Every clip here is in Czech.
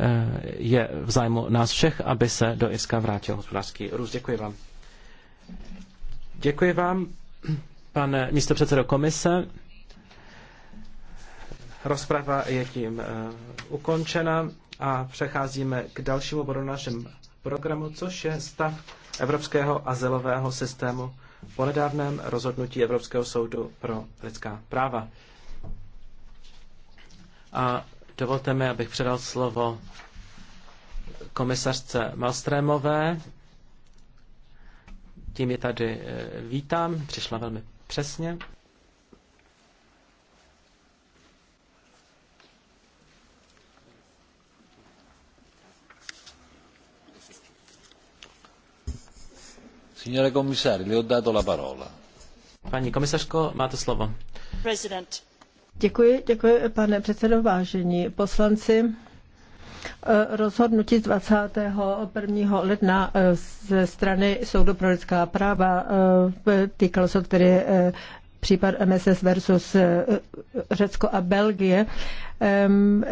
Eh, je v zájmu nás všech, aby se do Irska vrátil hospodářský růst. Děkuji vám. Děkuji vám, pane místopředsedo komise. Rozprava je tím eh, ukončena a přecházíme k dalšímu bodu našem programu, což je stav Evropského azylového systému po nedávném rozhodnutí Evropského soudu pro lidská práva. A Dovolte mi, abych předal slovo komisařce Malstrémové. Tím je tady eh, vítám, přišla velmi přesně. Signore commissario, le ho dato la parola. Paní komisařko, máte slovo. President Děkuji, děkuji, pane předsedo, vážení poslanci. Eh, rozhodnutí 21. ledna eh, ze strany Soudu pro lidská práva eh, týkalo se tedy případ MSS versus Řecko a Belgie ehm,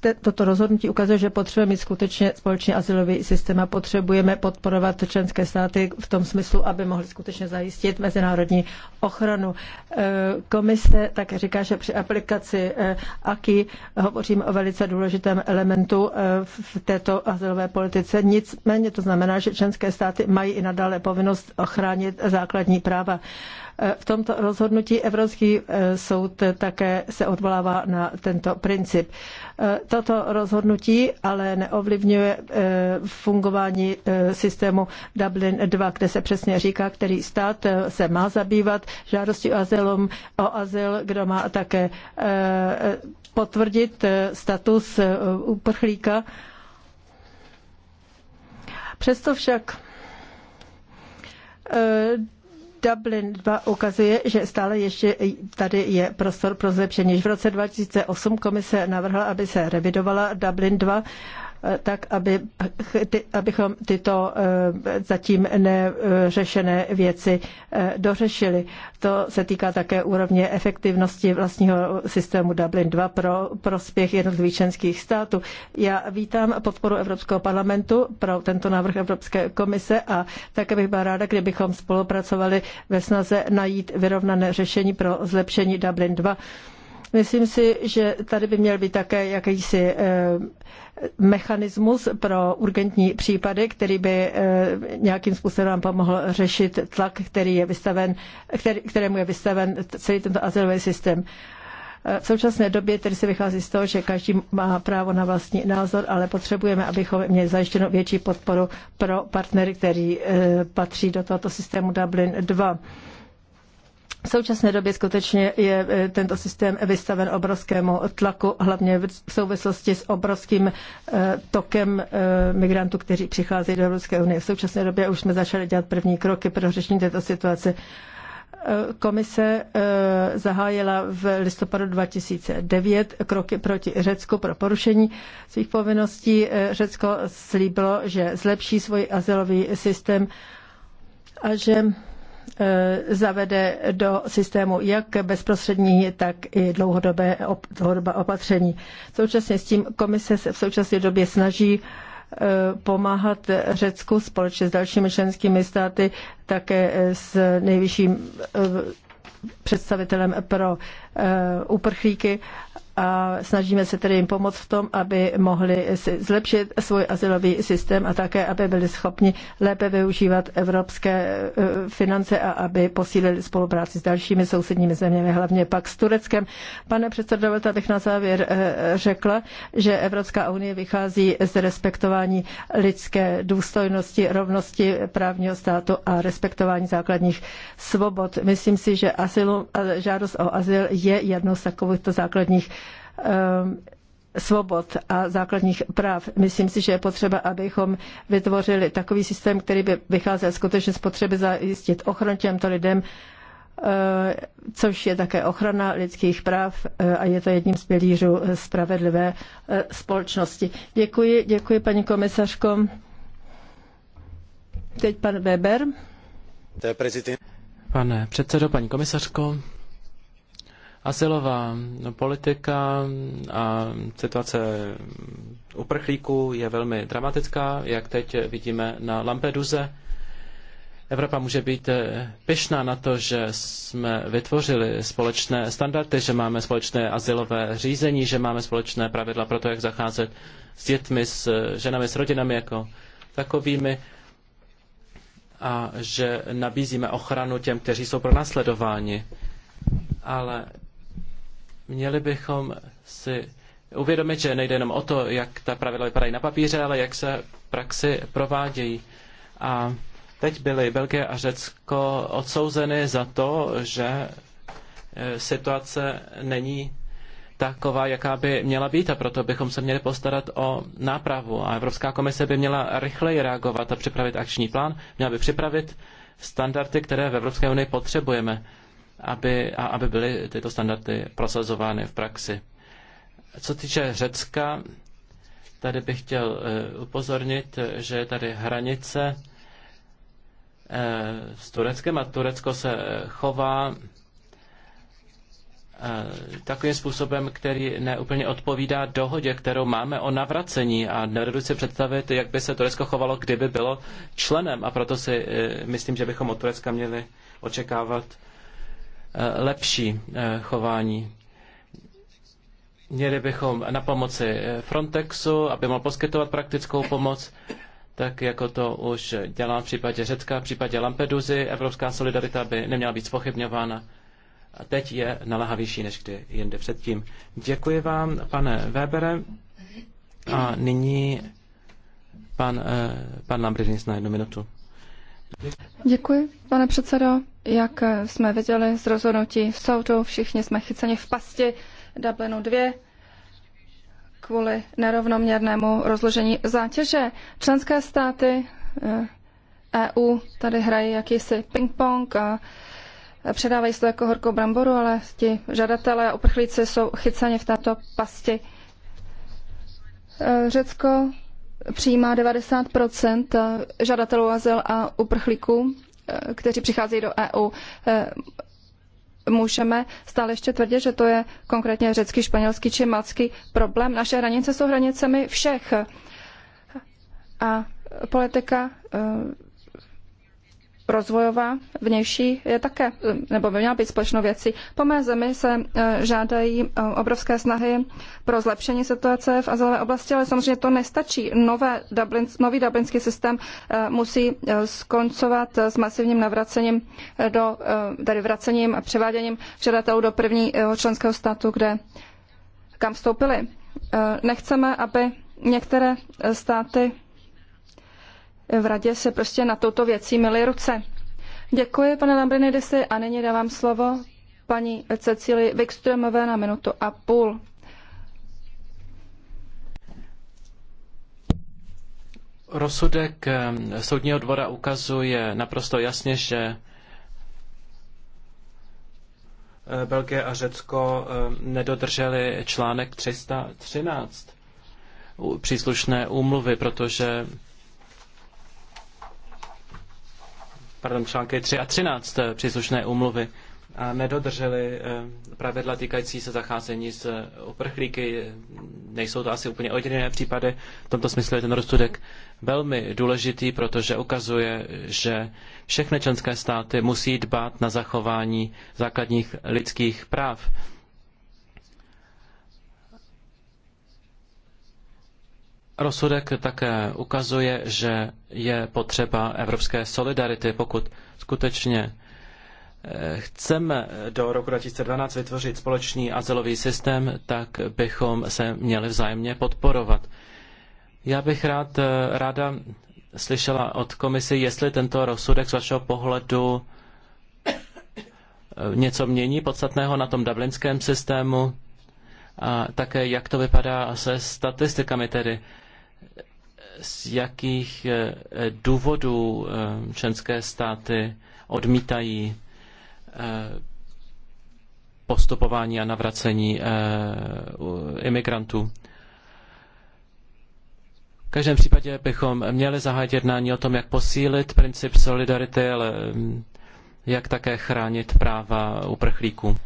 toto rozhodnutí ukazuje, že potřebujeme mít skutečně společný asilový systém a potřebujeme podporovat členské státy v tom smyslu, aby mohli skutečně zajistit mezinárodní ochranu. E, komise také říká, že při aplikaci e, AKI hovoříme o velice důležitém elementu e, v této asilové politice. Nicméně to znamená, že členské státy mají i nadále povinnost ochránit základní práva. V tomto rozhodnutí Evropský soud také se odvolává na tento princip. Toto rozhodnutí ale neovlivňuje eh, fungování eh, systému Dublin 2, kde se přesně říká, který stát eh, se má zabývat žádostí o, o azyl, kdo má také potvrdit status uprchlíka. Přesto však Dublin 2 ukazuje, že stále ještě tady je prostor pro zlepšení. V roce 2008 komise navrhla, aby se revidovala Dublin 2 Eh, tak aby, ty, abychom tyto eh, zatím neřešené věci eh, dořešili. To se týká také úrovně efektivnosti vlastního systému Dublin 2 pro prospěch jednotlivých členských států. Já vítám podporu Evropského parlamentu pro tento návrh Evropské komise a také bych byla ráda, kdybychom spolupracovali ve snaze najít vyrovnané řešení pro zlepšení Dublin 2 Myslím si, že tady by měl být také jakýsi eh, mechanismus pro urgentní případy, který by eh, nějakým způsobem nám pomohl řešit tlak, který je vystaven, kterému je vystaven celý tento azylový systém. Eh, v současné době tedy se vychází z toho, že každý má právo na vlastní názor, ale potřebujeme, abychom měli zajištěnou větší podporu pro partnery, který patří do tohoto systému Dublin 2. V současné době skutečně je e, tento systém vystaven obrovskému tlaku, hlavně v souvislosti s obrovským e, tokem e, migrantů, kteří přicházejí do Evropské unie. V současné době už jsme začali dělat první kroky pro řešení této situace. Komise zahájila v listopadu 2009 kroky proti Řecku pro porušení svých povinností. Řecko slíbilo, že zlepší svůj azylový systém a že Eh, zavede do systému jak bezprostřední, tak i dlouhodobé, dlouhodobá opatření. Současně s tím komise se v současné době snaží eh, pomáhat Řecku společně s dalšími členskými státy, také s nejvyšším eh, představitelem pro uprchlíky a snažíme se tedy jim pomoct v tom, aby mohli si zlepšit svůj asilový systém a také, aby byli schopni lépe využívat evropské e, finance a aby posílili spolupráci s dalšími sousedními zeměmi, hlavně pak s Tureckem. Pane předsedo, dovolte, abych na závěr e, řekla, že Evropská unie vychází z respektování lidské důstojnosti, rovnosti právního státu a respektování základních svobod. Myslím si, že asilu, žádost o azyl je jednou z takovýchto základních Ehm, svobod a základních práv. Myslím si, že je potřeba, abychom vytvořili takový systém, který by vycházel skutečně z potřeby zajistit ochranu těmto lidem, ehm, což je také ochrana lidských práv eh, a je to jedním z pilířů spravedlivé eh, společnosti. Děkuji, děkuji paní komisařko. Teď pan Weber. Pane předsedo, paní komisařko, Asilová no, politika a situace uprchlíků je velmi dramatická, jak teď vidíme na Lampeduze. Evropa může být eh, pyšná na to, že jsme vytvořili společné standardy, že máme společné asilové řízení, že máme společné pravidla pro to, jak zacházet s dětmi, s eh, ženami, s rodinami jako takovými a že nabízíme ochranu těm, kteří jsou pronásledováni. Ale Měli bychom si uvědomit, že nejde jenom o to, jak ta pravidla vypadají na papíře, ale jak se praxi provádějí. A teď byly Belgie a Řecko odsouzeny za to, že e, situace není taková, jaká by měla být a proto bychom se měli postarat o nápravu. A Evropská komise by měla rychleji reagovat a připravit akční plán, měla by připravit standardy, které v Evropské unii potřebujeme aby, a aby byly tyto standardy prosazovány v praxi. Co týče Řecka, tady bych chtěl eh, upozornit, že je tady hranice eh, s Tureckem a Turecko se eh, chová takovým způsobem, který neúplně odpovídá dohodě, kterou máme o navracení a nedovedu si představit, jak by se Turecko chovalo, kdyby bylo členem a proto si myslím, že bychom od Turecka měli očekávat Eh, lepší eh, chování. Měli bychom na pomoci eh, Frontexu, aby mohl poskytovat praktickou pomoc, tak jako to už dělá v případě Řecka, v případě Lampeduzy, Evropská solidarita by neměla být spochybňována. A teď je naléhavější než kdy jinde předtím. Děkuji vám, pane Webere. A nyní pan, pan Lambrinis na jednu minutu. Děkuji, pane předsedo. Jak jsme viděli z rozhodnutí v soudu, všichni jsme chyceni v pasti Dublinu 2 kvůli nerovnoměrnému rozložení zátěže. Členské státy EU eh, e tady hrají jakýsi ping-pong a předávají se to jako horkou bramboru, ale ti žadatelé a uprchlíci jsou chyceni v této pasti. Eh, Řecko přijímá 90 žadatelů azyl a uprchlíků, eh, kteří přicházejí do EU. Eh, můžeme stále ještě tvrdit, že to je konkrétně řecký, španělský či malský problém. Naše hranice jsou hranicemi všech. A politika eh, rozvojová vnější je také, nebo by měla být společnou věcí. Po mé zemi se eh, žádají eh, obrovské snahy pro zlepšení situace v azylové oblasti, ale samozřejmě to nestačí. Nové Dublin, nový dublinský systém eh, musí skoncovat s masivním navracením do, tedy vracením a převáděním žadatelů do prvního členského státu, kde kam vstoupili. Nechceme, aby některé státy v radě se prostě na touto věcí myly ruce. Děkuji, pane Lambrinidisi, a nyní dávám slovo paní Cecily Wikströmové na minutu a půl. Rozsudek ehm, soudního dvora ukazuje naprosto jasně, že eh, Belgie a Řecko ehm, nedodrželi článek 313 příslušné úmluvy, protože pardon, články 3 a 13 eh, příslušné úmluvy a nedodrželi eh, pravidla týkající se zacházení s eh, uprchlíky. Nejsou to asi úplně ojedinělé případy. V tomto smyslu je ten rozsudek velmi důležitý, protože ukazuje, že všechny členské státy musí dbát na zachování základních lidských práv Rozsudek také ukazuje, že je potřeba evropské solidarity, pokud skutečně eh, chceme do roku 2012 vytvořit společný azylový systém, tak bychom se měli vzájemně podporovat. Já bych rád, eh, ráda slyšela od komise, jestli tento rozsudek z vašeho pohledu eh, něco mění podstatného na tom dublinském systému a také jak to vypadá se statistikami tedy z jakých eh, důvodů eh, členské státy odmítají eh, postupování a navracení imigrantů. V každém případě bychom měli zahájit jednání o tom, jak posílit princip solidarity, ale mm, jak také chránit práva uprchlíků.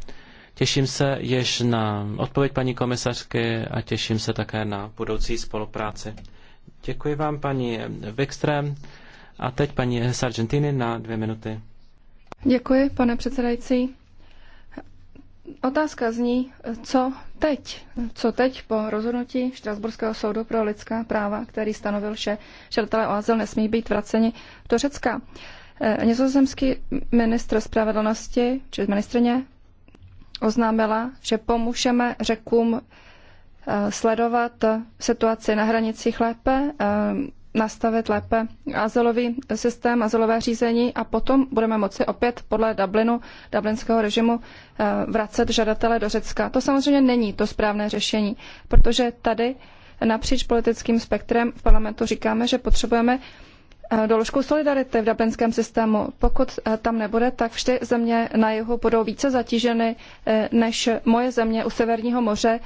Těším se již na odpověď paní komisařky a těším se také na budoucí spolupráci. Děkuji vám, paní Wikström. A teď paní z na dvě minuty. Děkuji, pane předsedající. Otázka zní, co teď? Co teď po rozhodnutí Štrasburského soudu pro lidská práva, který stanovil, že žadatelé o azyl nesmí být vraceni do Řecka? Eh, nizozemský ministr spravedlnosti, či ministrně, oznámila, že pomůžeme řekům eh, sledovat situaci na hranicích lépe, eh, nastavit lépe azylový systém, azylové řízení a potom budeme moci opět podle Dublinu, dublinského režimu eh, vracet žadatele do Řecka. To samozřejmě není to správné řešení, protože tady napříč politickým spektrem v parlamentu říkáme, že potřebujeme Eh, doložku solidarity v dublinském systému. Pokud eh, tam nebude, tak vždy země na jihu budou více zatíženy eh, než moje země u Severního moře,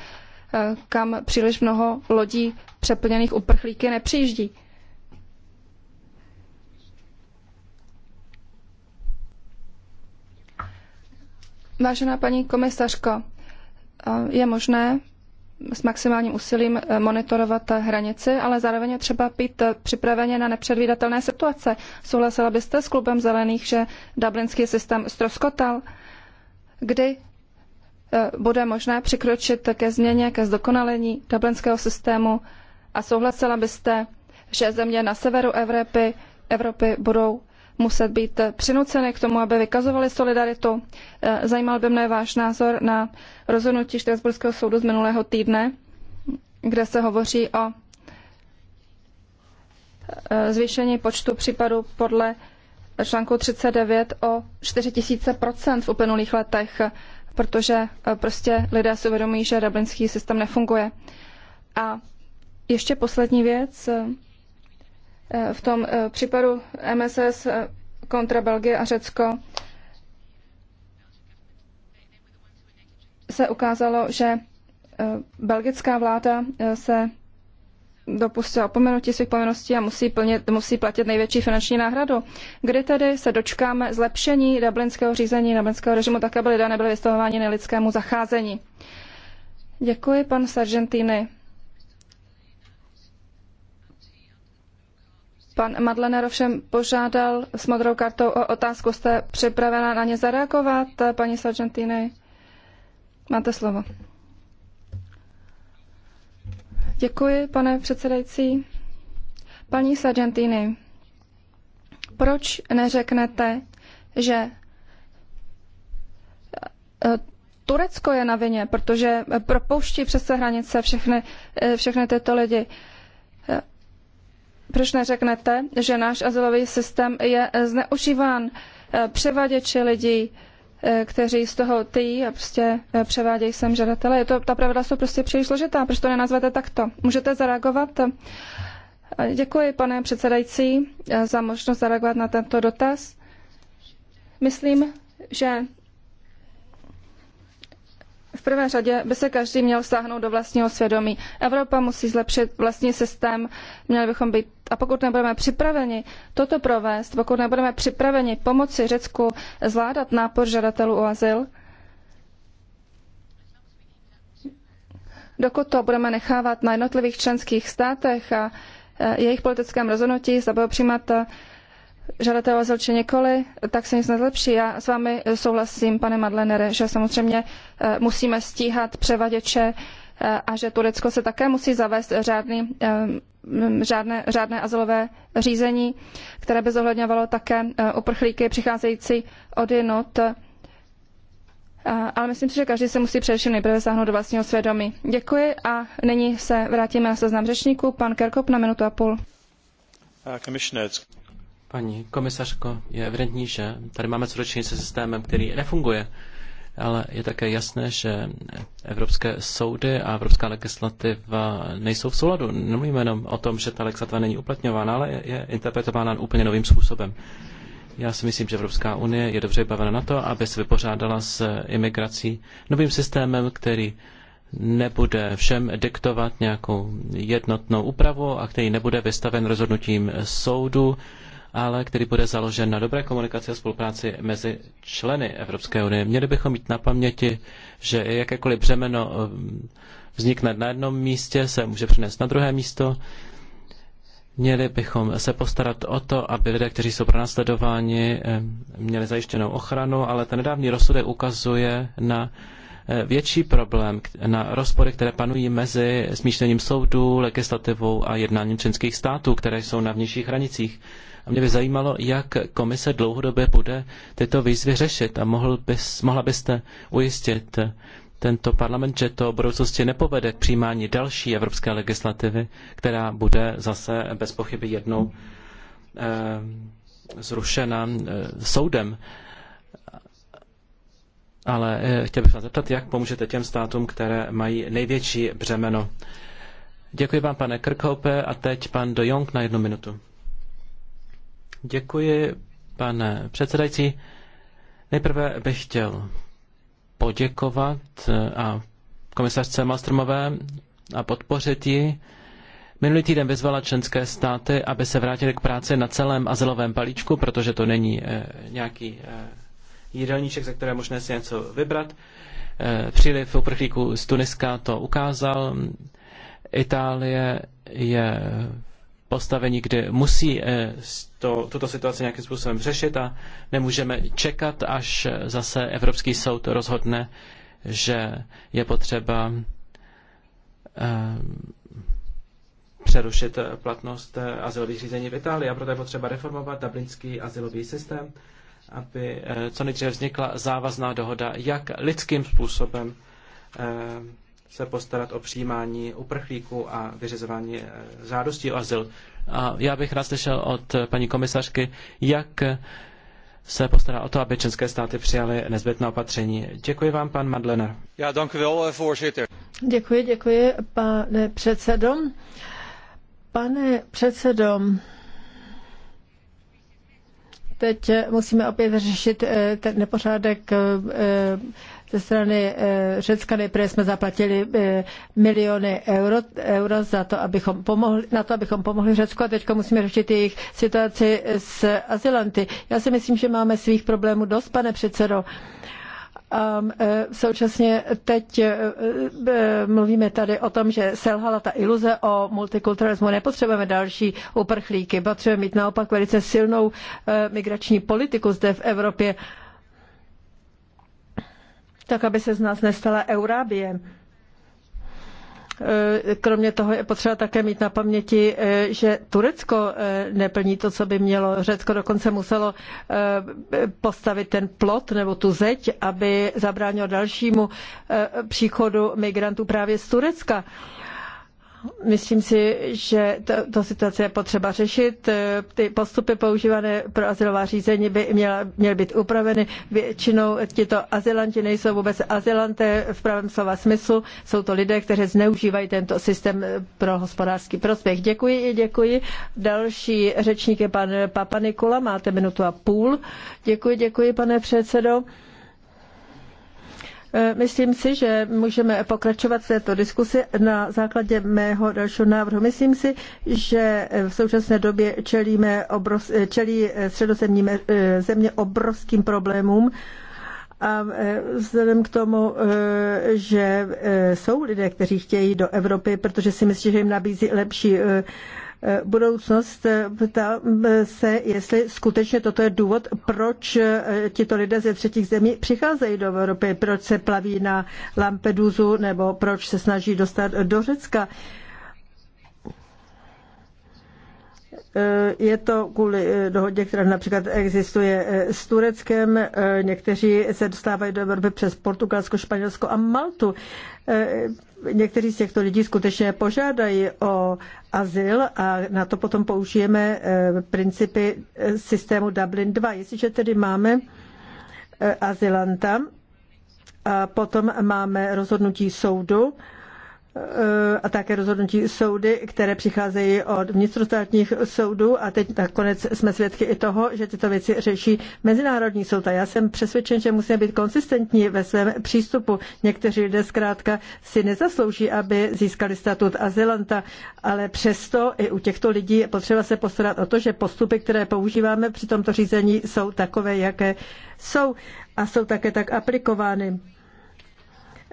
kam příliš mnoho lodí přeplněných uprchlíky nepřijíždí. Vážená paní komisařko, je možné, s maximálním úsilím eh, monitorovat eh, hranici, ale zároveň je třeba být eh, připraveně na nepředvídatelné situace. Souhlasila byste s klubem zelených, že dublinský systém stroskotal? Kdy bude možné přikročit ke změně, ke zdokonalení dublinského systému? A souhlasila byste, že země na severu Evropy, Evropy budou muset být eh, přinuceny k tomu, aby vykazovali solidaritu. Eh, zajímal by mne váš názor na rozhodnutí Štrasburského soudu z minulého týdne, kde se hovoří o eh, zvýšení počtu případů podle článku 39 o 4000 v uplynulých letech, protože prostě lidé si uvědomují, že dublinský systém nefunguje. A ještě poslední věc v tom eh, případu MSS kontra Belgie a Řecko se ukázalo, že eh, belgická vláda eh, se dopustila opomenutí svých povinností a musí, plnit, musí platit největší finanční náhradu. Kdy tedy se dočkáme zlepšení dublinského řízení, dublinského režimu, tak aby lidé nebyli vystavováni nelidskému zacházení? Děkuji, pan Sargentini. Pan Madlener ovšem požádal s modrou kartou o otázku. Jste připravena na ně zareagovat, paní Sargentini? Máte slovo. Děkuji, pane předsedající. Paní Sargentini, proč neřeknete, že eh, Turecko je na vině, protože propouští přes hranice všechny, eh, všechny tyto lidi proč neřeknete, že náš azylový systém je eh, zneužíván eh, převaděči lidí, eh, kteří z toho tyjí a prostě převádějí sem žadatele. Je to, ta pravidla jsou prostě příliš složitá, proč to nenazvete takto? Můžete zareagovat? Děkuji, pane předsedající, za možnost zareagovat na tento dotaz. Myslím, že prvé řadě by se každý měl sáhnout do vlastního svědomí. Evropa musí zlepšit vlastní systém, měli bychom být, a pokud nebudeme připraveni toto provést, pokud nebudeme připraveni pomoci Řecku zvládat nápor žadatelů o azyl, dokud to budeme nechávat na jednotlivých členských státech a eh, jejich politickém rozhodnutí, zda budou přijímat eh, žadatel azyl či nikoli, tak se nic nezlepší. Já s vámi souhlasím, pane Madlenere, že samozřejmě eh, musíme stíhat převaděče eh, a že Turecko se také musí zavést řádný, eh, řádné, řádné azylové řízení, které by zohledňovalo také uprchlíky přicházející od Ale myslím si, že každý se musí především nejprve sáhnout do vlastního svědomí. Děkuji a nyní se vrátíme na seznam řečníků. Pan Kerkop na minutu a půl. Uh, Paní komisařko, je evidentní, že tady máme co se systémem, který nefunguje, ale je také jasné, že evropské soudy a evropská legislativa nejsou v souladu. Nemluvíme jenom o tom, že ta legislativa není uplatňována, ale je interpretována úplně novým způsobem. Já si myslím, že Evropská unie je dobře vybavena na to, aby se vypořádala s imigrací novým systémem, který nebude všem diktovat nějakou jednotnou úpravu a který nebude vystaven rozhodnutím soudu ale který bude založen na dobré komunikaci a spolupráci mezi členy Evropské unie. Měli bychom mít na paměti, že jakékoliv břemeno eh, vznikne na jednom místě, se může přenést na druhé místo. Měli bychom se postarat o to, aby lidé, kteří jsou pronásledováni, eh, měli zajištěnou ochranu, ale ten nedávný rozsudek ukazuje na eh, větší problém, na rozpory, které panují mezi smíšením soudů, legislativou a jednáním členských států, které jsou na vnějších hranicích. A mě by zajímalo, jak komise dlouhodobě bude tyto výzvy řešit a mohl bys, mohla byste ujistit tento parlament, že to v budoucnosti nepovede k přijímání další evropské legislativy, která bude zase bez pochyby jednou eh, zrušena eh, soudem. Ale eh, chtěl bych vás zeptat, jak pomůžete těm státům, které mají největší břemeno. Děkuji vám, pane Krkhope, a teď pan De Jong na jednu minutu. Děkuji, pane předsedající. Nejprve bych chtěl poděkovat eh, a komisařce Malstromové a podpořit ji. Minulý týden vyzvala členské státy, aby se vrátili k práci na celém azylovém balíčku, protože to není eh, nějaký eh, jídelníček, ze které je možné si něco vybrat. Příliv uprchlíků z Tuniska to ukázal. Itálie je postavení, kde musí eh, to, tuto situaci nějakým způsobem řešit a nemůžeme čekat, až eh, zase Evropský soud rozhodne, že je potřeba eh, přerušit platnost azylových řízení v Itálii a proto je potřeba reformovat dublinský azylový systém, aby co nejdříve vznikla závazná dohoda, jak lidským způsobem se postarat o přijímání uprchlíků a vyřizování eh, žádostí o azyl. A já bych rád slyšel od eh, paní komisařky, jak eh, se postará o to, aby české státy přijaly nezbytná opatření. Děkuji vám, pan Madlener. Já Děkuji, děkuji, pane předsedo. Pane předsedo, teď musíme opět řešit eh, ten nepořádek eh, ze strany eh, Řecka. Nejprve jsme zaplatili miliony euro, euro za to, abychom pomohli, na to, abychom pomohli Řecku a teď musíme řešit jejich situaci s azylanty. Já si myslím, že máme svých problémů dost, pane předsedo. A um, e, současně teď e, e, mluvíme tady o tom, že selhala ta iluze o multikulturalismu. Nepotřebujeme další uprchlíky, potřebujeme mít naopak velice silnou migrační politiku zde v Evropě, tak aby se z nás nestala Eurábie. Eh, kromě toho je potřeba také mít na paměti, eh, že Turecko eh, neplní to, co by mělo. Řecko dokonce muselo postavit ten plot nebo tu zeď, aby zabránilo dalšímu příchodu migrantů právě z Turecka. Myslím si, že to, to situace je potřeba řešit. Eh, Ty postupy používané pro azylová řízení by měla, měly být upraveny. Většinou tito azylanti nejsou vůbec azylanté v pravém slova smyslu. Jsou to lidé, kteří zneužívají tento systém eh, pro hospodářský prospěch. Děkuji i děkuji. Další řečník je pan Papa Máte minutu a půl. Děkuji, děkuji, pane předsedo. E, myslím si, že můžeme pokračovat v této diskusi na základě mého dalšího návrhu. Myslím si, že v současné době čelíme obrov, e, čelí e, středozemní země obrovským problémům. A vzhledem k tomu, že jsou lidé, kteří chtějí do Evropy, protože si myslí, že jim nabízí lepší Eh, budoucnost. Eh, Ptám eh, se, jestli skutečně toto je důvod, proč tito lidé ze třetích zemí přicházejí do Evropy, proč se plaví na Lampedusu nebo proč se snaží dostat do Řecka. Eh, je to kvůli eh, dohodě, která například existuje eh, s Tureckem. Někteří se dostávají do Evropy přes Portugalsko, Španělsko a Maltu. Někteří z těchto lidí skutečně požádají o azyl a na to potom použijeme principy systému Dublin 2. Jestliže tedy máme azylanta a potom máme rozhodnutí soudu, Eh, a také rozhodnutí soudy, které přicházejí od vnitrostátních soudů a teď nakonec jsme svědky i toho, že tyto věci řeší Mezinárodní soud. A já jsem přesvědčen, že musíme být konsistentní ve svém přístupu. Někteří lidé zkrátka si nezaslouží, aby získali statut azylanta, ale přesto i u těchto lidí je potřeba se postarat o to, že postupy, které používáme při tomto řízení, jsou takové, jaké jsou a jsou také tak aplikovány.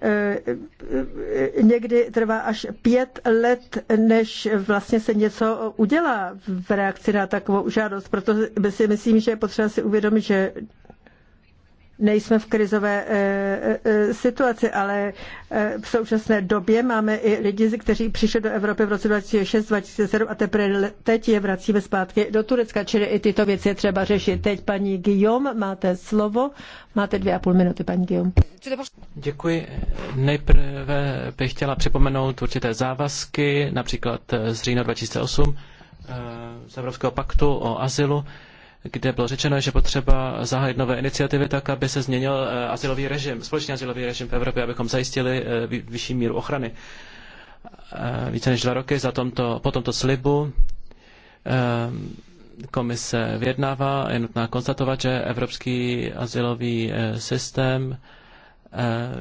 Eh, eh, někdy trvá až pět let, než vlastně se něco udělá v reakci na takovou žádost. Proto si myslím, že je potřeba si uvědomit, že nejsme v krizové eh, eh, eh, situaci, ale v současné době máme i lidi, kteří přišli do Evropy v roce 2006, 2007 a teprve teď je vracíme zpátky do Turecka, čili i tyto věci je třeba řešit. Teď paní Guillaume, máte slovo, máte dvě a půl minuty, paní Guillaume. Děkuji. Nejprve bych chtěla připomenout určité závazky, například z října 2008 z Evropského paktu o azylu, kde bylo řečeno, že potřeba zahájit nové iniciativy tak, aby se změnil eh, asilový režim, společný asilový režim v Evropě, abychom zajistili eh, vyšší míru ochrany. Eh, více než dva roky za tomto, po tomto slibu komise vyjednává, je nutná konstatovat, že evropský asilový systém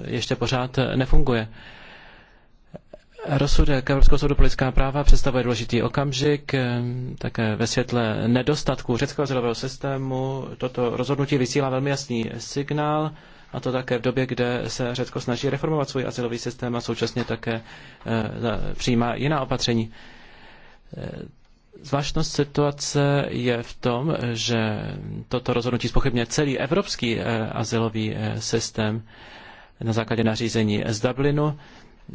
ještě pořád nefunguje. Rozsudek Evropského soudu pro lidská práva představuje důležitý okamžik, eh, také ve světle nedostatku řeckého azylového systému. Toto rozhodnutí vysílá velmi jasný signál, a to také v době, kde se Řecko snaží reformovat svůj azylový systém a současně také eh, přijímá jiná opatření. Eh, zvláštnost situace je v tom, že toto rozhodnutí spochybně celý evropský azylový systém na základě nařízení z Dublinu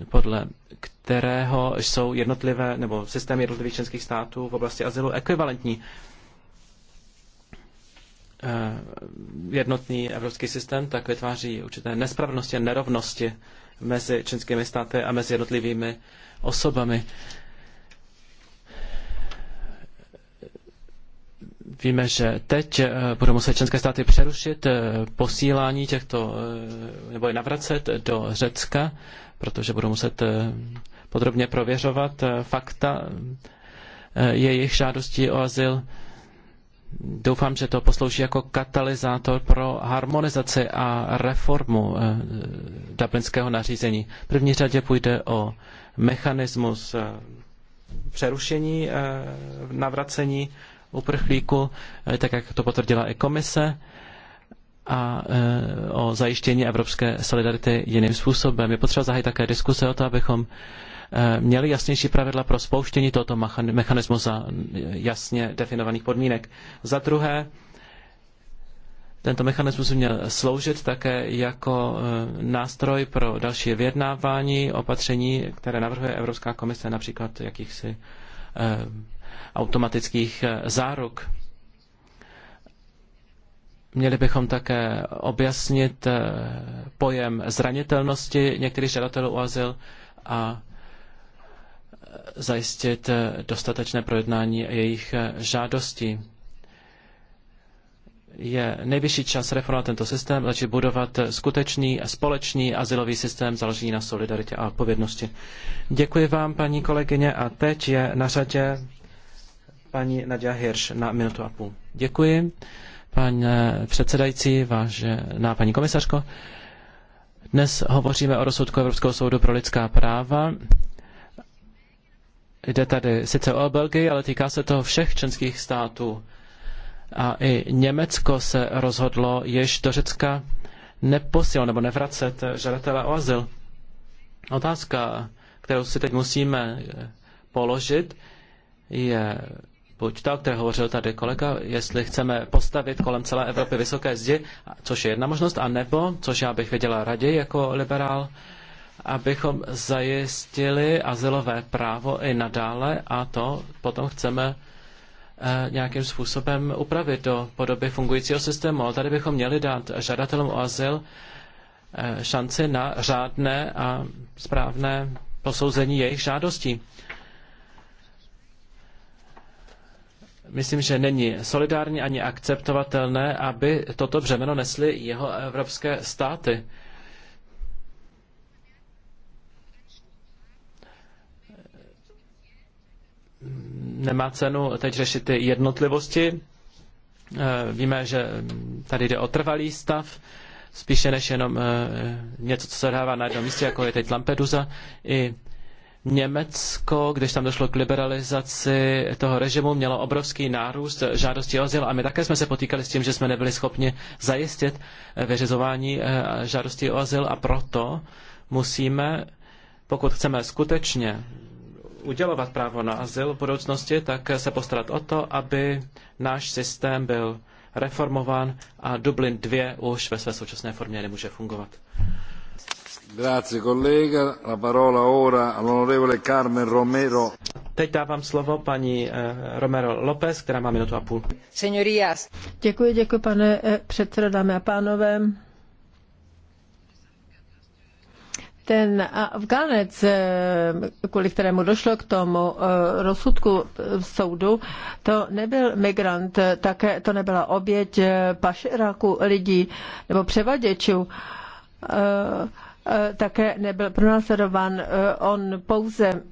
podle kterého jsou jednotlivé, nebo systém jednotlivých členských států v oblasti azylu ekvivalentní. Eh, jednotný evropský systém tak vytváří určité nespravnosti a nerovnosti mezi členskými státy a mezi jednotlivými osobami. Víme, že teď eh, budou muset členské státy přerušit eh, posílání těchto, nebo je navracet do Řecka protože budou muset eh, podrobně prověřovat eh, fakta eh, jejich žádostí o azyl. Doufám, že to poslouží jako katalyzátor pro harmonizaci a reformu dublinského nařízení. V první řadě půjde o mechanismus přerušení navracení uprchlíku, tak jak to potvrdila i komise a e, o zajištění evropské solidarity jiným způsobem. Je potřeba zahájit také diskuse o to, abychom e, měli jasnější pravidla pro spouštění tohoto mechanismu za jasně definovaných podmínek. Za druhé, tento mechanismus měl sloužit také jako e, nástroj pro další vyjednávání opatření, které navrhuje Evropská komise, například jakýchsi automatických záruk Měli bychom také objasnit eh, pojem zranitelnosti některých žadatelů o azyl a eh, zajistit eh, dostatečné projednání jejich žádostí. Je nejvyšší čas reformovat tento systém, začít budovat skutečný společný azylový systém založený na solidaritě a odpovědnosti. Děkuji vám, paní kolegyně, a teď je na řadě paní Nadia Hirsch na minutu a půl. Děkuji. Pane předsedající, vážená paní komisařko, dnes hovoříme o rozsudku Evropského soudu pro lidská práva. Jde tady sice o Belgii, ale týká se to všech členských států. A i Německo se rozhodlo již do Řecka neposílat nebo nevracet žadatele o azyl. Otázka, kterou si teď musíme položit, je, buď to, o které hovořil tady kolega, jestli chceme postavit kolem celé Evropy vysoké zdi, což je jedna možnost, a nebo, což já bych viděla raději jako liberál, abychom zajistili azylové právo i nadále a to potom chceme eh, nějakým způsobem upravit do podoby fungujícího systému. Ale tady bychom měli dát žadatelům o azyl eh, šanci na řádné a správné posouzení jejich žádostí. Myslím, že není solidární ani akceptovatelné, aby toto břemeno nesly jeho evropské státy. Nemá cenu teď řešit ty jednotlivosti. Eh, víme, že tady jde o trvalý stav, spíše než jenom eh, něco, co se dává na jednom místě, jako je teď Lampedusa. I Německo, když tam došlo k liberalizaci toho režimu, mělo obrovský nárůst žádostí o azyl a my také jsme se potýkali s tím, že jsme nebyli schopni zajistit vyřizování eh, žádostí o azyl a proto musíme, pokud chceme skutečně udělovat právo na azyl v budoucnosti, tak se postarat o to, aby náš systém byl reformován a Dublin 2 už ve své současné formě nemůže fungovat. Teď dávám slovo paní eh, Romero López, která má minutu a půl. Děkuji, děkuji, pane eh, předsedo, dámy a pánové. ten Afganec, eh, kvůli kterému došlo k tomu rozsudku soudu, to nebyl migrant, také to nebyla oběť pašeráku lidí nebo převaděčů. Eh, také nebyl pronásledován. Eh, on pouze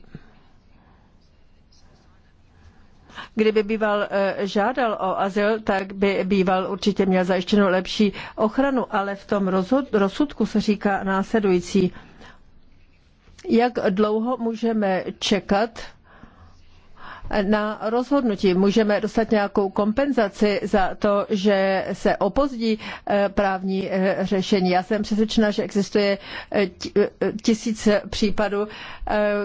kdyby býval eh, žádal o azyl, tak by býval určitě měl zajištěnou lepší ochranu, ale v tom rozsudku se říká následující. Jak dlouho můžeme čekat, na rozhodnutí. Můžeme dostat nějakou kompenzaci za to, že se opozdí eh, právní eh, řešení. Já jsem přesvědčena, že existuje eh, tisíc případů,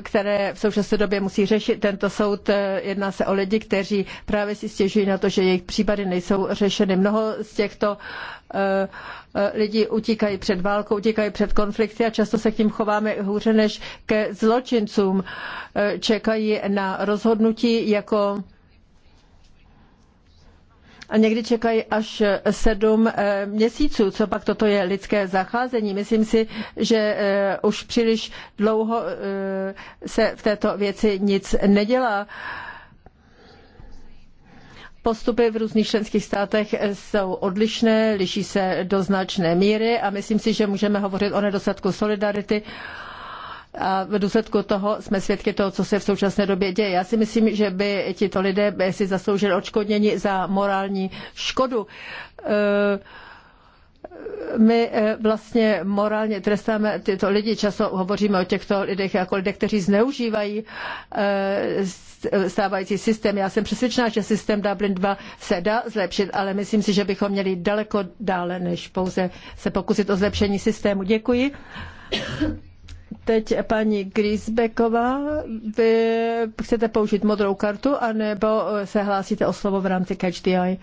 které v současné době musí řešit tento soud. Jedná se o lidi, kteří právě si stěžují na to, že jejich případy nejsou řešeny. Mnoho z těchto uh, Eh, eh, lidi utíkají před válkou, utíkají před konflikty a často se k tím chováme hůře než ke zločincům. Eh, čekají na rozhodnutí jako a někdy čekají až sedm měsíců. Co pak toto je lidské zacházení? Myslím si, že už příliš dlouho se v této věci nic nedělá. Postupy v různých členských státech jsou odlišné, liší se do značné míry a myslím si, že můžeme hovořit o nedostatku solidarity a v důsledku toho jsme svědky toho, co se v současné době děje. Já si myslím, že by tito lidé by si zasloužili odškodnění za morální škodu. Uh, my eh, vlastně morálně trestáme tyto lidi, často hovoříme o těchto lidech jako lidech, kteří zneužívají eh, stávající systém. Já jsem přesvědčená, že systém Dublin 2 se dá zlepšit, ale myslím si, že bychom měli daleko dále, než pouze se pokusit o zlepšení systému. Děkuji. Teď paní Grisbeková, vy chcete použít modrou kartu, anebo se hlásíte o slovo v rámci Catch the Eye?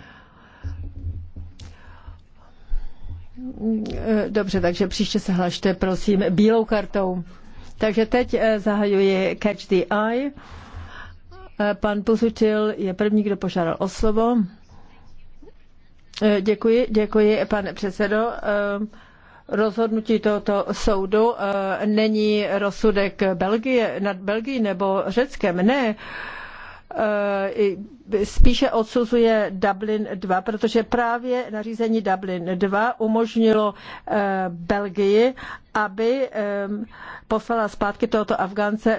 Eh, dobře, takže příště se hlašte, prosím, bílou kartou. Takže teď eh, zahajuji Catch the Eye. Eh, pan Pusutil je první, kdo požádal o slovo. Děkuji, děkuji, pane předsedo. Rozhodnutí tohoto soudu není rozsudek Belgie, nad Belgií nebo Řeckem. Ne, Eh, spíše odsuzuje Dublin 2, protože právě nařízení Dublin 2 umožnilo eh, Belgii, aby eh, poslala zpátky tohoto Afgánce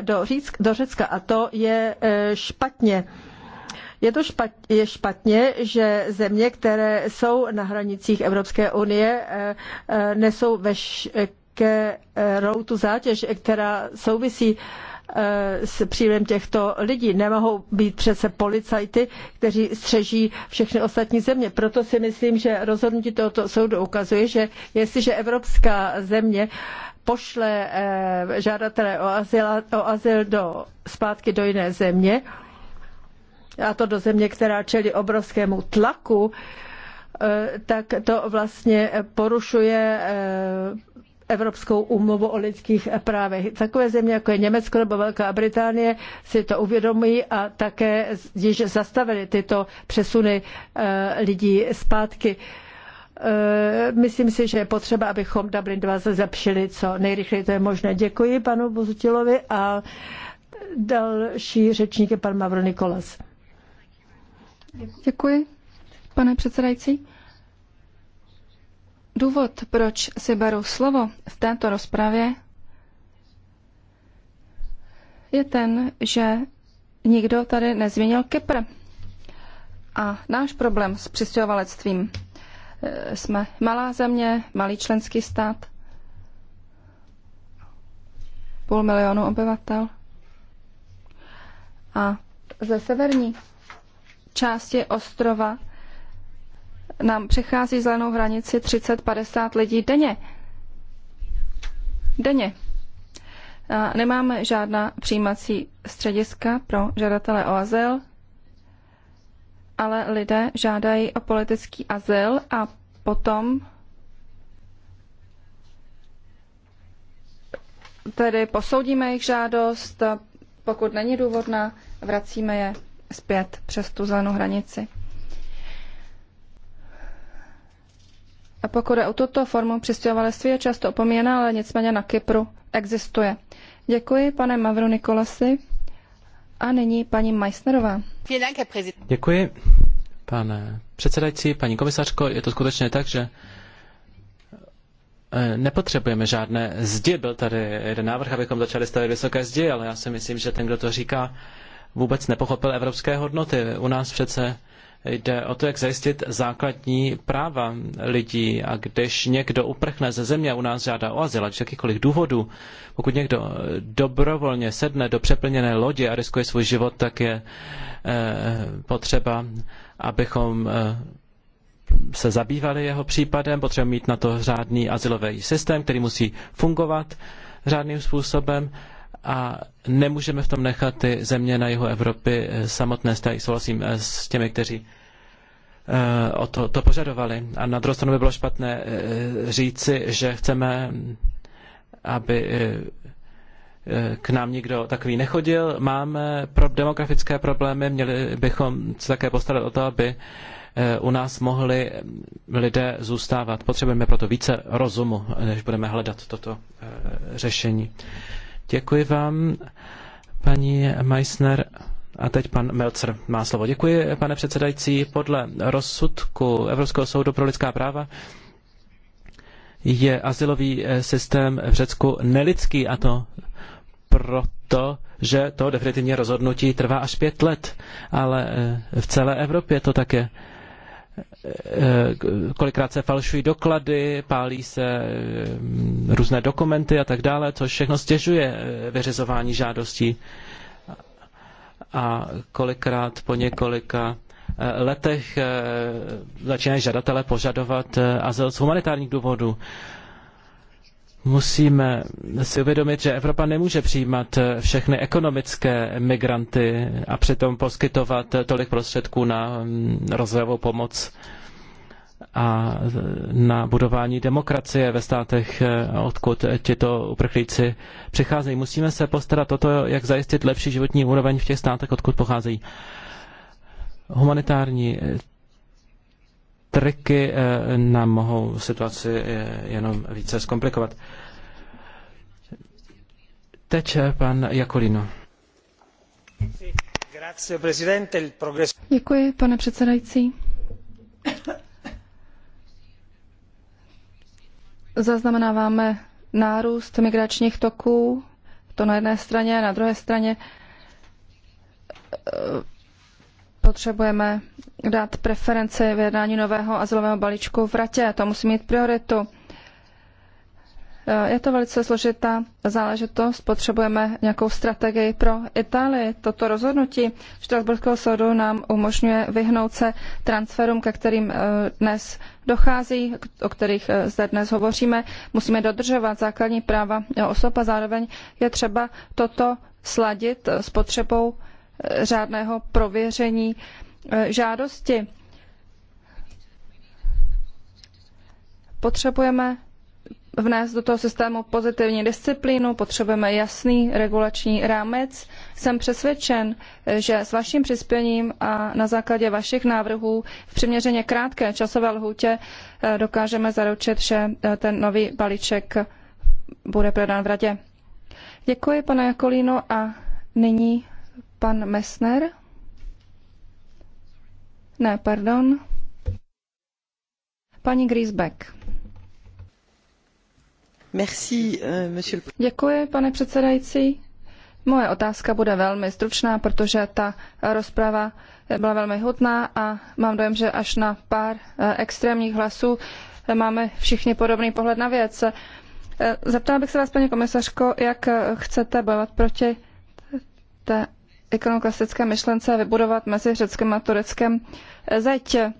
do Řecka a to je špatně. Je to špatně, je špatně, že země, které jsou na hranicích Evropské unie, nesou veškerou tu zátěž, která souvisí Eh, s příjmem těchto lidí. Nemohou být přece policajty, kteří střeží všechny ostatní země. Proto si myslím, že rozhodnutí tohoto soudu ukazuje, že jestliže evropská země pošle eh, žadatele o azyl, o azyl do, zpátky do jiné země, a to do země, která čelí obrovskému tlaku, eh, tak to vlastně porušuje Evropskou úmluvu o lidských právech. Takové země, jako je Německo nebo Velká Británie, si to uvědomují a také již zastavili tyto přesuny eh, lidí zpátky. Eh, myslím si, že je potřeba, abychom Dublin 2 zlepšili co nejrychleji to je možné. Děkuji panu Bozutilovi a další řečník je pan Mavro Nikolas. Děkuji, pane předsedající. Důvod, proč si beru slovo v této rozpravě, je ten, že nikdo tady nezmínil Kypr. A náš problém s přistěhovalectvím. E, jsme malá země, malý členský stát, půl milionu obyvatel. A ze severní části ostrova nám přechází zelenou hranici 30-50 lidí denně. Denně. A nemáme žádná přijímací střediska pro žadatele o azyl, ale lidé žádají o politický azyl a potom tedy posoudíme jejich žádost, pokud není důvodná, vracíme je zpět přes tu zelenou hranici. A pokud je o tuto formu přistěhovalectví, je často opomíná, ale nicméně na Kypru existuje. Děkuji, pane Mavru Nikolasi. A nyní paní Meissnerová. Děkuji, pane předsedající, paní komisařko. Je to skutečně tak, že eh, nepotřebujeme žádné zdi. Byl tady jeden návrh, abychom začali stavět vysoké zdi, ale já si myslím, že ten, kdo to říká, vůbec nepochopil evropské hodnoty. U nás přece Jde o to, jak zajistit základní práva lidí. A když někdo uprchne ze země a u nás žádá o azyl, ať z jakýchkoliv důvodů, pokud někdo eh, dobrovolně sedne do přeplněné lodi a riskuje svůj život, tak je eh, potřeba, abychom eh, se zabývali jeho případem, potřebujeme mít na to řádný azylový systém, který musí fungovat řádným způsobem a nemůžeme v tom nechat ty země na jihu Evropy eh, samotné, stají souhlasím eh, s těmi, kteří eh, o to, to požadovali. A na druhou stranu by bylo špatné říci, že chceme, aby k nám nikdo takový nechodil. Máme pro demografické problémy, měli bychom se také postarat o to, aby u nás mohli lidé zůstávat. Potřebujeme proto více rozumu, než budeme hledat toto řešení. Děkuji vám, paní Meissner. A teď pan Melcer má slovo. Děkuji, pane předsedající. Podle rozsudku Evropského soudu pro lidská práva je asilový eh, systém v Řecku nelidský a to proto, že to definitivní rozhodnutí trvá až pět let, ale eh, v celé Evropě to tak je kolikrát se falšují doklady, pálí se mm, různé dokumenty a tak dále, což všechno stěžuje eh, vyřizování žádostí. A kolikrát po několika eh, letech eh, začínají žadatelé požadovat azyl z humanitárních důvodů. Musíme si uvědomit, že Evropa nemůže přijímat všechny ekonomické migranty a přitom poskytovat tolik prostředků na mm, rozvojovou pomoc a na budování demokracie ve státech, eh, odkud tito uprchlíci přicházejí. Musíme se postarat o to, jak zajistit lepší životní úroveň v těch státech, odkud pocházejí. Humanitární triky eh, nám mohou situaci eh, jenom více zkomplikovat. Teď eh, pan Jakolino. Děkuji, pane předsedající. Zaznamenáváme nárůst migračních toků, to na jedné straně, na druhé straně potřebujeme dát preferenci v jednání nového azylového balíčku v ratě. To musí mít prioritu. Je to velice složitá záležitost. Potřebujeme nějakou strategii pro Itálii. Toto rozhodnutí Štrasburského soudu nám umožňuje vyhnout se transferům, ke kterým eh, dnes dochází, o kterých eh, zde dnes hovoříme. Musíme dodržovat základní práva osob a zároveň je třeba toto sladit eh, s potřebou řádného prověření eh, žádosti. Potřebujeme vnést do toho systému pozitivní disciplínu, potřebujeme jasný regulační rámec. Jsem přesvědčen, že s vaším přispěním a na základě vašich návrhů v přiměřeně krátké časové lhůtě eh, dokážeme zaručit, že eh, ten nový balíček bude prodán v radě. Děkuji, pane Jakolíno, a nyní Pan Messner? Ne, pardon. Paní Griesbeck. Merci, euh, monsieur... Děkuji, pane předsedající. Moje otázka bude velmi stručná, protože ta rozprava byla velmi hutná a mám dojem, že až na pár eh, extrémních hlasů máme všichni podobný pohled na věc. Eh, zeptala bych se vás, paní komisařko, jak eh, chcete bojovat proti té ikonokrastické myšlence vybudovat mezi Řeckem a Tureckem eh, zeď. Eh,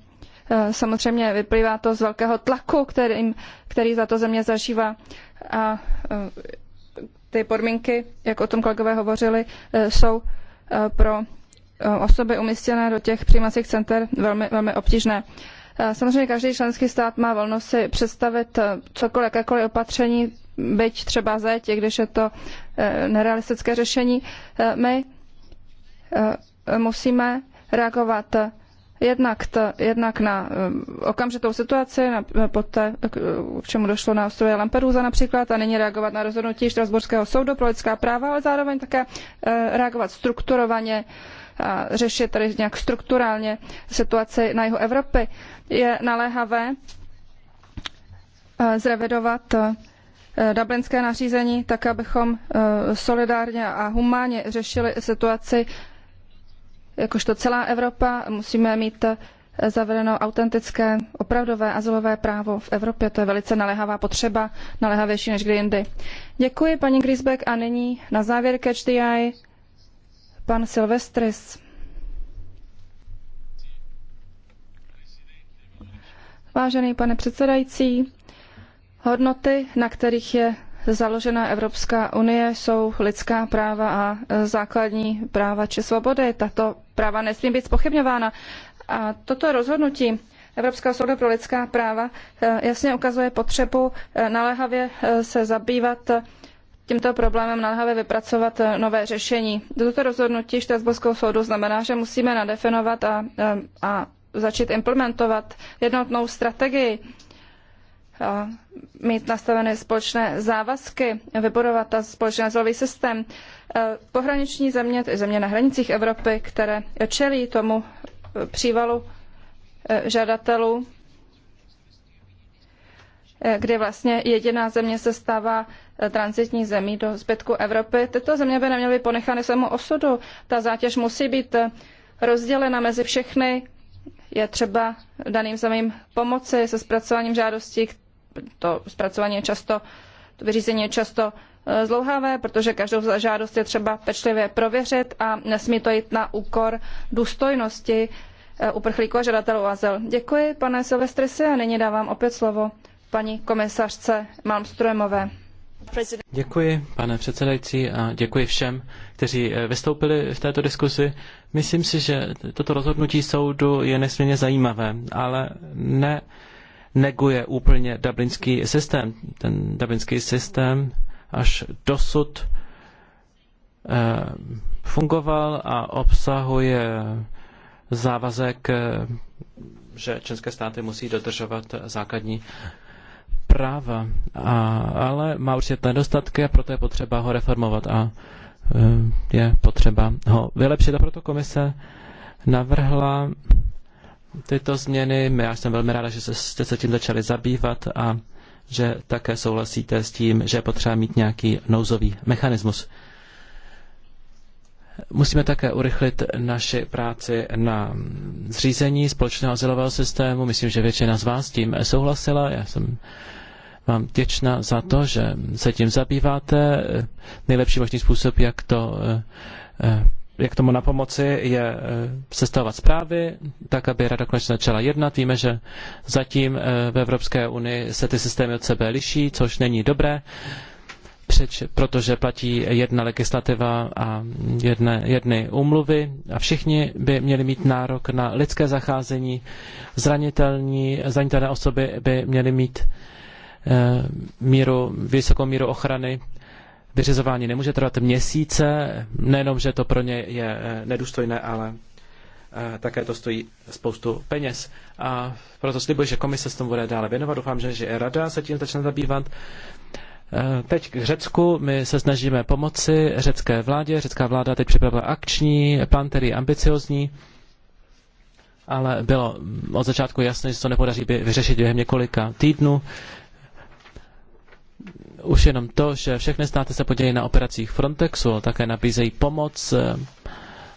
samozřejmě vyplývá to z velkého tlaku, který, který za to země zažívá. A eh, ty podmínky, jak o tom kolegové hovořili, jsou pro osoby umístěné do těch přijímacích center velmi, velmi obtížné. Samozřejmě každý členský stát má volnost si představit cokoliv, jakékoliv opatření, byť třeba zeď, i když je to nerealistické řešení. My Eh, musíme reagovat jednak, t, jednak na eh, okamžitou situaci, na, poté, eh, k čemu došlo na ostrově Lampedusa například, a nyní reagovat na rozhodnutí Štrasburského soudu pro lidská práva, ale zároveň také reagovat strukturovaně a řešit tedy nějak strukturálně situaci na jihu Evropy. Je naléhavé zrevidovat dublinské nařízení tak, abychom solidárně a humánně řešili situaci jakožto celá Evropa, musíme mít eh, zavedeno autentické, opravdové azylové právo v Evropě. To je velice naléhavá potřeba, naléhavější než kdy jindy. Děkuji, paní Grisbeck, a nyní na závěr Catch the Eye pan Silvestris. Vážený pane předsedající, hodnoty, na kterých je založena Evropská unie, jsou lidská práva a e, základní práva či svobody. Tato práva nesmí být spochybňována. A toto rozhodnutí Evropského soudu pro lidská práva e, jasně ukazuje potřebu e, naléhavě se zabývat tímto problémem naléhavě vypracovat nové řešení. Toto rozhodnutí Štrasburského soudu znamená, že musíme nadefinovat a, a začít implementovat jednotnou strategii mít nastavené společné závazky, vybudovat ta společný azylový systém. E, pohraniční země, tedy země na hranicích Evropy, které čelí tomu e, přívalu e, žadatelů, kdy vlastně jediná země se stává transitní zemí do zbytku Evropy. Tyto země by neměly ponechány svému osudu. Ta zátěž musí být rozdělena mezi všechny. Je třeba daným zemím pomoci se zpracováním žádostí, to zpracování je často, to vyřízení je často eh, zlouhavé, protože každou žádost je třeba pečlivě prověřit a nesmí to jít na úkor důstojnosti eh, uprchlíků a žadatelů azyl. Děkuji, pane Silvestrisi, a nyní dávám opět slovo paní komisařce Malmströmové. Děkuji, pane předsedající, a děkuji všem, kteří eh, vystoupili v této diskusi. Myslím si, že toto rozhodnutí soudu je nesmírně zajímavé, ale ne neguje úplně dublinský systém. Ten dublinský systém až dosud eh, fungoval a obsahuje závazek, eh, že české státy musí dodržovat základní práva, a, ale má určitě nedostatky a proto je potřeba ho reformovat a eh, je potřeba ho vylepšit. A proto komise navrhla tyto změny. Já jsem velmi ráda, že jste se tím začali zabývat a že také souhlasíte s tím, že je potřeba mít nějaký nouzový mechanismus. Musíme také urychlit naši práci na zřízení společného azylového systému. Myslím, že většina z vás tím souhlasila. Já jsem vám těčná za to, že se tím zabýváte. Nejlepší možný způsob, jak to eh, eh, jak tomu na pomoci, je eh, sestavovat zprávy, tak aby rada konečně začala jednat. Víme, že zatím eh, v Evropské unii se ty systémy od sebe liší, což není dobré, protože platí jedna legislativa a jedne, jedny úmluvy a všichni by měli mít nárok na lidské zacházení. Zranitelní, zranitelné osoby by měly mít eh, míru, vysokou míru ochrany vyřizování nemůže trvat měsíce, nejenom, že to pro ně je eh, nedůstojné, ale eh, také to stojí spoustu peněz. A proto slibuji, že komise se tomu bude dále věnovat. Doufám, že i rada se tím začne zabývat. Eh, teď k Řecku. My se snažíme pomoci řecké vládě. Řecká vláda teď připravila akční plán, který je ambiciozní, ale bylo od začátku jasné, že se to nepodaří vyřešit během několika týdnů už jenom to, že všechny státy se podělí na operacích Frontexu, také nabízejí pomoc, eh,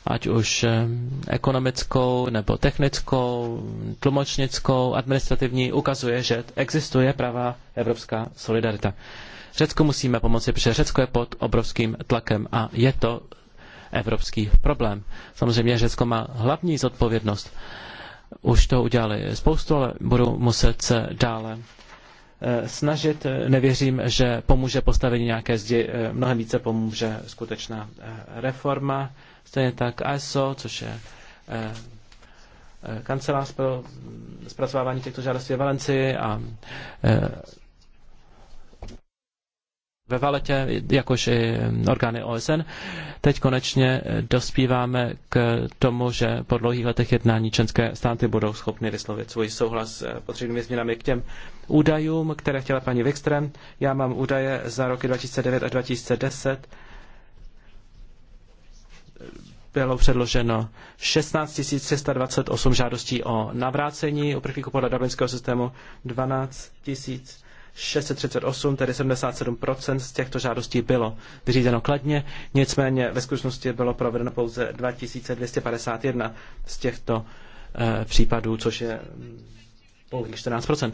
ať už eh, ekonomickou nebo technickou, tlumočnickou, administrativní, ukazuje, že existuje pravá evropská solidarita. Řecku musíme pomoci, protože Řecko je pod obrovským tlakem a je to evropský problém. Samozřejmě Řecko má hlavní zodpovědnost. Už to udělali spoustu, ale budou muset se dále Eh, snažit. Nevěřím, že pomůže postavení nějaké zdi, eh, mnohem více pomůže skutečná eh, reforma. Stejně tak ASO, což je kancelář pro mm, zpracovávání těchto žádostí v Valencii a ve Valetě, jakož i orgány OSN. Teď konečně eh, dospíváme k tomu, že po dlouhých letech jednání členské státy budou schopny vyslovit svůj souhlas s eh, potřebnými změnami k těm údajům, které chtěla paní Wikström. Já mám údaje za roky 2009 a 2010. Bylo předloženo 16 328 žádostí o navrácení uprchlíků podle dublinského systému, 12 000 638, tedy 77% z těchto žádostí bylo vyřízeno kladně, nicméně ve skutečnosti bylo provedeno pouze 2251 z těchto e, případů, což je mm, pouhých 14%.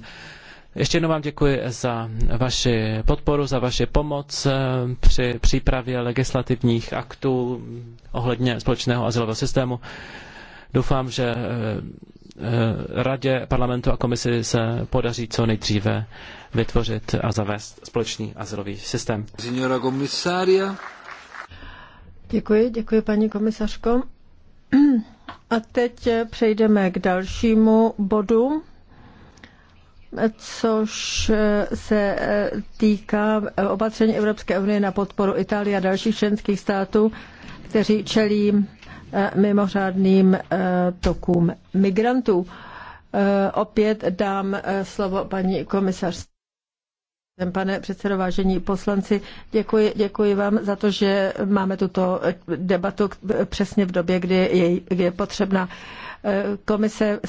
Ještě jednou vám děkuji za vaši podporu, za vaši pomoc eh, při přípravě legislativních aktů mm, ohledně společného azylového systému. Doufám, že eh, Eh, radě, parlamentu a komisi se podaří co nejdříve vytvořit a zavést společný azylový systém. Signora komisária. Děkuji, děkuji paní komisařko. A teď přejdeme k dalšímu bodu, což eh, se eh, týká opatření Evropské unie na podporu Itálie a dalších členských států, kteří čelí mimořádným e, tokům migrantů. E, opět dám e, slovo paní komisař. Pane předsedo, vážení poslanci, děkuji, děkuji vám za to, že máme tuto debatu přesně v době, kdy je, kdy je potřebná komise